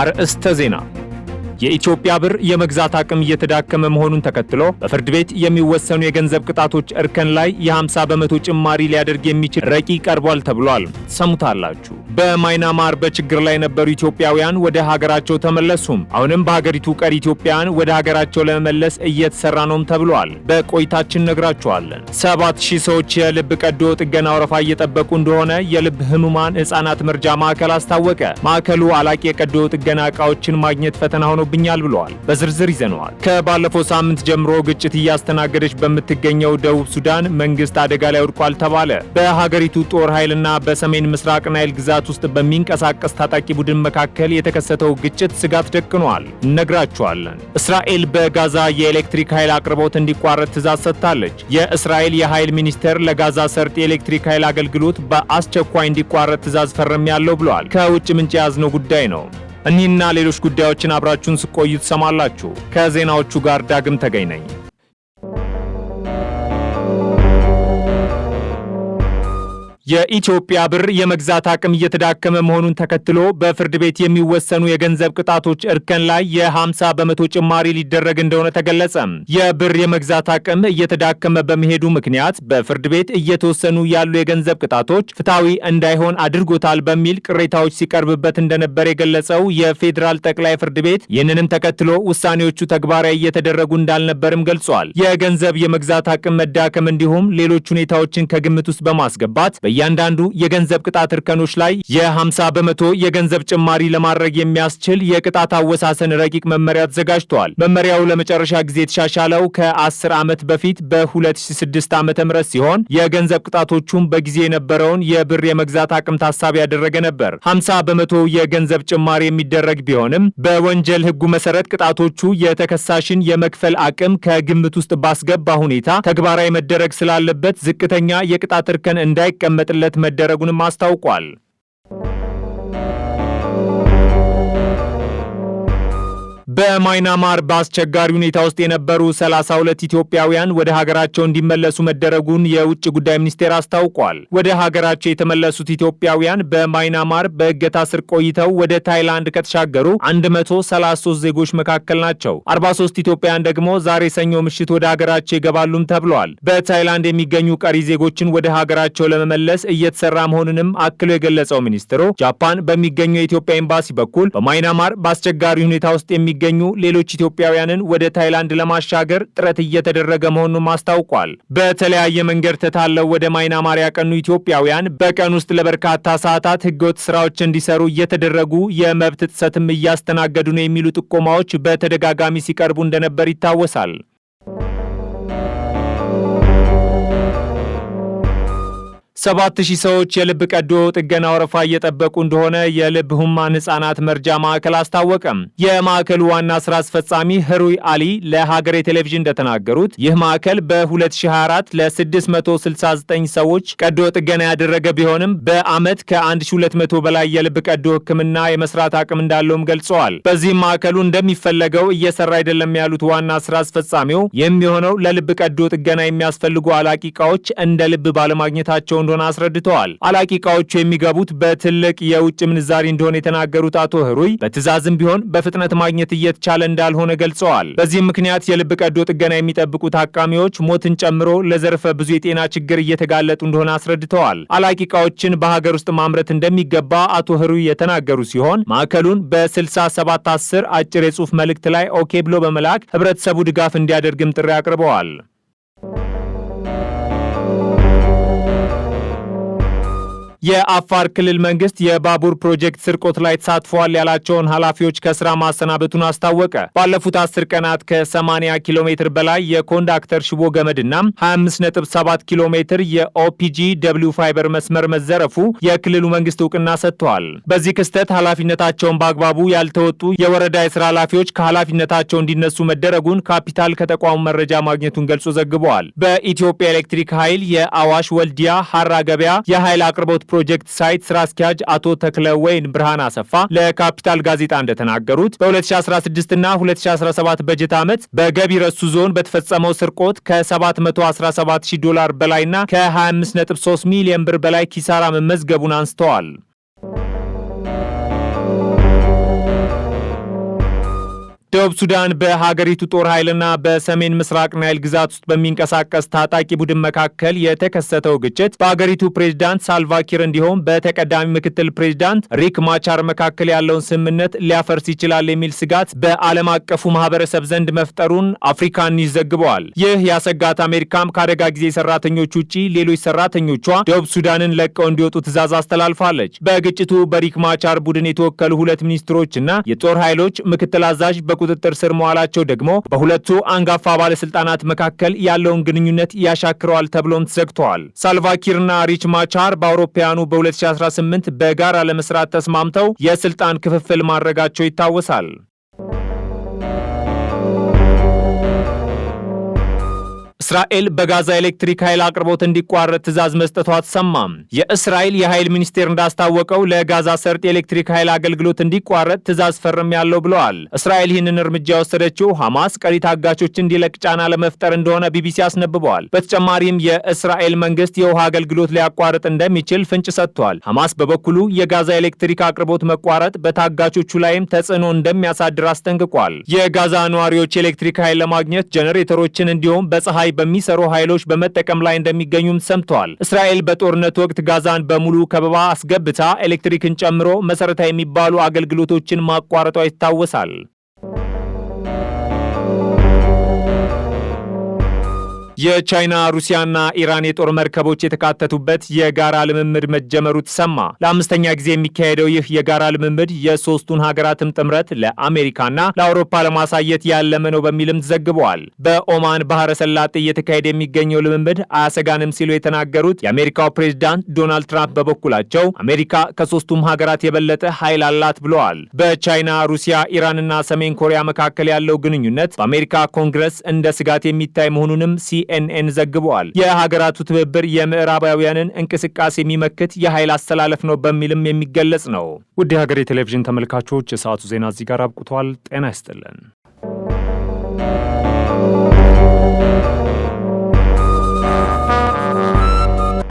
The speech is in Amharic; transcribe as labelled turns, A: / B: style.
A: አርዕስተ ዜና የኢትዮጵያ ብር የመግዛት አቅም እየተዳከመ መሆኑን ተከትሎ በፍርድ ቤት የሚወሰኑ የገንዘብ ቅጣቶች እርከን ላይ የ50 በመቶ ጭማሪ ሊያደርግ የሚችል ረቂቅ ቀርቧል ተብሏል። ሰሙታላችሁ። በማይናማር በችግር ላይ የነበሩ ኢትዮጵያውያን ወደ ሀገራቸው ተመለሱም። አሁንም በሀገሪቱ ቀሪ ኢትዮጵያውያን ወደ ሀገራቸው ለመመለስ እየተሰራ ነውም ተብሏል። በቆይታችን ነግራችኋለን። ሰባት ሺህ ሰዎች የልብ ቀዶ ጥገና ወረፋ እየጠበቁ እንደሆነ የልብ ህሙማን ህጻናት መርጃ ማዕከል አስታወቀ። ማዕከሉ አላቂ የቀዶ ጥገና እቃዎችን ማግኘት ፈተና ሆኖ ደርሶብኛል ብለዋል። በዝርዝር ይዘነዋል። ከባለፈው ሳምንት ጀምሮ ግጭት እያስተናገደች በምትገኘው ደቡብ ሱዳን መንግስት አደጋ ላይ ወድቋል ተባለ። በሀገሪቱ ጦር ኃይልና በሰሜን ምስራቅ ናይል ግዛት ውስጥ በሚንቀሳቀስ ታጣቂ ቡድን መካከል የተከሰተው ግጭት ስጋት ደቅኗል። እነግራችኋለን። እስራኤል በጋዛ የኤሌክትሪክ ኃይል አቅርቦት እንዲቋረጥ ትእዛዝ ሰጥታለች። የእስራኤል የኃይል ሚኒስቴር ለጋዛ ሰርጥ የኤሌክትሪክ ኃይል አገልግሎት በአስቸኳይ እንዲቋረጥ ትእዛዝ ፈረም ያለው ብለዋል። ከውጭ ምንጭ የያዝነው ጉዳይ ነው። እኒህና ሌሎች ጉዳዮችን አብራችሁን ስቆዩ ትሰማላችሁ። ከዜናዎቹ ጋር ዳግም ተገኝ ነኝ። የኢትዮጵያ ብር የመግዛት አቅም እየተዳከመ መሆኑን ተከትሎ በፍርድ ቤት የሚወሰኑ የገንዘብ ቅጣቶች እርከን ላይ የ50 በመቶ ጭማሪ ሊደረግ እንደሆነ ተገለጸ። የብር የመግዛት አቅም እየተዳከመ በመሄዱ ምክንያት በፍርድ ቤት እየተወሰኑ ያሉ የገንዘብ ቅጣቶች ፍትሐዊ እንዳይሆን አድርጎታል በሚል ቅሬታዎች ሲቀርብበት እንደነበር የገለጸው የፌዴራል ጠቅላይ ፍርድ ቤት ይህንንም ተከትሎ ውሳኔዎቹ ተግባራዊ እየተደረጉ እንዳልነበርም ገልጿል። የገንዘብ የመግዛት አቅም መዳከም እንዲሁም ሌሎች ሁኔታዎችን ከግምት ውስጥ በማስገባት በእያንዳንዱ የገንዘብ ቅጣት እርከኖች ላይ የ50 በመቶ የገንዘብ ጭማሪ ለማድረግ የሚያስችል የቅጣት አወሳሰን ረቂቅ መመሪያ ተዘጋጅተዋል። መመሪያው ለመጨረሻ ጊዜ የተሻሻለው ከ10 ዓመት በፊት በ2006 ዓ ም ሲሆን የገንዘብ ቅጣቶቹም በጊዜ የነበረውን የብር የመግዛት አቅም ታሳቢ ያደረገ ነበር። 50 በመቶ የገንዘብ ጭማሪ የሚደረግ ቢሆንም በወንጀል ህጉ መሰረት ቅጣቶቹ የተከሳሽን የመክፈል አቅም ከግምት ውስጥ ባስገባ ሁኔታ ተግባራዊ መደረግ ስላለበት ዝቅተኛ የቅጣት እርከን እንዳይቀመጥ እንዲመጥለት መደረጉንም አስታውቋል። በማይናማር በአስቸጋሪ ሁኔታ ውስጥ የነበሩ 32 ኢትዮጵያውያን ወደ ሀገራቸው እንዲመለሱ መደረጉን የውጭ ጉዳይ ሚኒስቴር አስታውቋል። ወደ ሀገራቸው የተመለሱት ኢትዮጵያውያን በማይናማር በእገታ ስር ቆይተው ወደ ታይላንድ ከተሻገሩ 133 ዜጎች መካከል ናቸው። 43 ኢትዮጵያውያን ደግሞ ዛሬ ሰኞ ምሽት ወደ ሀገራቸው ይገባሉም ተብለዋል። በታይላንድ የሚገኙ ቀሪ ዜጎችን ወደ ሀገራቸው ለመመለስ እየተሰራ መሆኑንም አክሎ የገለጸው ሚኒስትሩ ጃፓን በሚገኘው የኢትዮጵያ ኤምባሲ በኩል በማይናማር በአስቸጋሪ ሁኔታ ውስጥ የሚገ የሚገኙ ሌሎች ኢትዮጵያውያንን ወደ ታይላንድ ለማሻገር ጥረት እየተደረገ መሆኑ አስታውቋል። በተለያየ መንገድ ተታለው ወደ ማይናማር ያቀኑ ኢትዮጵያውያን በቀን ውስጥ ለበርካታ ሰዓታት ህገወጥ ስራዎች እንዲሰሩ እየተደረጉ የመብት ጥሰትም እያስተናገዱ ነው የሚሉ ጥቆማዎች በተደጋጋሚ ሲቀርቡ እንደነበር ይታወሳል። ሰባት ሺህ ሰዎች የልብ ቀዶ ጥገና ወረፋ እየጠበቁ እንደሆነ የልብ ሁማን ህጻናት መርጃ ማዕከል አስታወቀም። የማዕከሉ ዋና ስራ አስፈጻሚ ህሩይ አሊ ለሀገሬ ቴሌቪዥን እንደተናገሩት ይህ ማዕከል በ2024 ለ669 ሰዎች ቀዶ ጥገና ያደረገ ቢሆንም በአመት ከ1200 በላይ የልብ ቀዶ ህክምና የመስራት አቅም እንዳለውም ገልጸዋል። በዚህም ማዕከሉ እንደሚፈለገው እየሰራ አይደለም ያሉት ዋና ስራ አስፈጻሚው የሚሆነው ለልብ ቀዶ ጥገና የሚያስፈልጉ አላቂ እቃዎች እንደ ልብ ባለማግኘታቸውን እንደሆነ አስረድተዋል። አላቂ እቃዎቹ የሚገቡት በትልቅ የውጭ ምንዛሪ እንደሆነ የተናገሩት አቶ ህሩይ በትዕዛዝም ቢሆን በፍጥነት ማግኘት እየተቻለ እንዳልሆነ ገልጸዋል። በዚህም ምክንያት የልብ ቀዶ ጥገና የሚጠብቁ ታካሚዎች ሞትን ጨምሮ ለዘርፈ ብዙ የጤና ችግር እየተጋለጡ እንደሆነ አስረድተዋል። አላቂ እቃዎችን በሀገር ውስጥ ማምረት እንደሚገባ አቶ ህሩይ የተናገሩ ሲሆን ማዕከሉን በ6710 አጭር የጽሑፍ መልእክት ላይ ኦኬ ብሎ በመላክ ህብረተሰቡ ድጋፍ እንዲያደርግም ጥሪ አቅርበዋል። የአፋር ክልል መንግስት የባቡር ፕሮጀክት ስርቆት ላይ ተሳትፏል ያላቸውን ኃላፊዎች ከስራ ማሰናበቱን አስታወቀ። ባለፉት አስር ቀናት ከ80 ኪሎ ሜትር በላይ የኮንዳክተር ሽቦ ገመድና 257 ኪሎ ሜትር የኦፒጂ ደብሊው ፋይበር መስመር መዘረፉ የክልሉ መንግስት እውቅና ሰጥተዋል። በዚህ ክስተት ኃላፊነታቸውን በአግባቡ ያልተወጡ የወረዳ የስራ ኃላፊዎች ከኃላፊነታቸው እንዲነሱ መደረጉን ካፒታል ከተቋሙ መረጃ ማግኘቱን ገልጾ ዘግበዋል። በኢትዮጵያ ኤሌክትሪክ ኃይል የአዋሽ ወልዲያ ሀራ ገበያ የኃይል አቅርቦት ፕሮጀክት ሳይት ስራ አስኪያጅ አቶ ተክለወይን ብርሃን አሰፋ ለካፒታል ጋዜጣ እንደተናገሩት በ2016 እና 2017 በጀት ዓመት በገቢ ረሱ ዞን በተፈጸመው ስርቆት ከ717 ዶላር በላይና ከ25.3 ሚሊዮን ብር በላይ ኪሳራ መመዝገቡን አንስተዋል። ደቡብ ሱዳን በሀገሪቱ ጦር ኃይልና በሰሜን ምስራቅ ናይል ግዛት ውስጥ በሚንቀሳቀስ ታጣቂ ቡድን መካከል የተከሰተው ግጭት በሀገሪቱ ፕሬዝዳንት ሳልቫኪር እንዲሁም በተቀዳሚ ምክትል ፕሬዝዳንት ሪክ ማቻር መካከል ያለውን ስምምነት ሊያፈርስ ይችላል የሚል ስጋት በዓለም አቀፉ ማህበረሰብ ዘንድ መፍጠሩን አፍሪካን ኒውስ ዘግበዋል። ይህ ያሰጋት አሜሪካም ከአደጋ ጊዜ ሰራተኞች ውጪ ሌሎች ሰራተኞቿ ደቡብ ሱዳንን ለቀው እንዲወጡ ትዕዛዝ አስተላልፋለች። በግጭቱ በሪክ ማቻር ቡድን የተወከሉ ሁለት ሚኒስትሮች እና የጦር ኃይሎች ምክትል አዛዥ በቁ ቁጥጥር ስር መዋላቸው ደግሞ በሁለቱ አንጋፋ ባለስልጣናት መካከል ያለውን ግንኙነት ያሻክረዋል ተብሎም ተዘግተዋል። ሳልቫኪርና ሪች ማቻር በአውሮፓውያኑ በ2018 በጋራ ለመስራት ተስማምተው የስልጣን ክፍፍል ማድረጋቸው ይታወሳል። እስራኤል በጋዛ ኤሌክትሪክ ኃይል አቅርቦት እንዲቋረጥ ትዕዛዝ መስጠቷ ተሰማ። የእስራኤል የኃይል ሚኒስቴር እንዳስታወቀው ለጋዛ ሰርጥ የኤሌክትሪክ ኃይል አገልግሎት እንዲቋረጥ ትዕዛዝ ፈርም ያለው ብለዋል። እስራኤል ይህንን እርምጃ የወሰደችው ሐማስ ቀሪ ታጋቾች እንዲለቅ ጫና ለመፍጠር እንደሆነ ቢቢሲ አስነብበዋል። በተጨማሪም የእስራኤል መንግስት የውሃ አገልግሎት ሊያቋርጥ እንደሚችል ፍንጭ ሰጥቷል። ሐማስ በበኩሉ የጋዛ ኤሌክትሪክ አቅርቦት መቋረጥ በታጋቾቹ ላይም ተጽዕኖ እንደሚያሳድር አስጠንቅቋል። የጋዛ ነዋሪዎች ኤሌክትሪክ ኃይል ለማግኘት ጀነሬተሮችን እንዲሁም በፀሐይ በሚሰሩ ኃይሎች በመጠቀም ላይ እንደሚገኙም ሰምተዋል። እስራኤል በጦርነት ወቅት ጋዛን በሙሉ ከበባ አስገብታ ኤሌክትሪክን ጨምሮ መሠረታዊ የሚባሉ አገልግሎቶችን ማቋረጧ ይታወሳል። የቻይና ሩሲያና ኢራን የጦር መርከቦች የተካተቱበት የጋራ ልምምድ መጀመሩ ተሰማ። ለአምስተኛ ጊዜ የሚካሄደው ይህ የጋራ ልምምድ የሶስቱን ሀገራትም ጥምረት ለአሜሪካና ለአውሮፓ ለማሳየት ያለመ ነው በሚልም ተዘግበዋል። በኦማን ባህረ ሰላጤ እየተካሄደ የሚገኘው ልምምድ አያሰጋንም ሲሉ የተናገሩት የአሜሪካው ፕሬዚዳንት ዶናልድ ትራምፕ በበኩላቸው አሜሪካ ከሶስቱም ሀገራት የበለጠ ኃይል አላት ብለዋል። በቻይና ሩሲያ፣ ኢራንና ሰሜን ኮሪያ መካከል ያለው ግንኙነት በአሜሪካ ኮንግረስ እንደ ስጋት የሚታይ መሆኑንም ሲ ሲኤንኤን ዘግበዋል። የሀገራቱ ትብብር የምዕራባውያንን እንቅስቃሴ የሚመክት የኃይል አስተላለፍ ነው በሚልም የሚገለጽ ነው። ውድ የሀገሬ ቴሌቪዥን ተመልካቾች የሰዓቱ ዜና እዚህ ጋር አብቅቷል። ጤና ይስጥልን።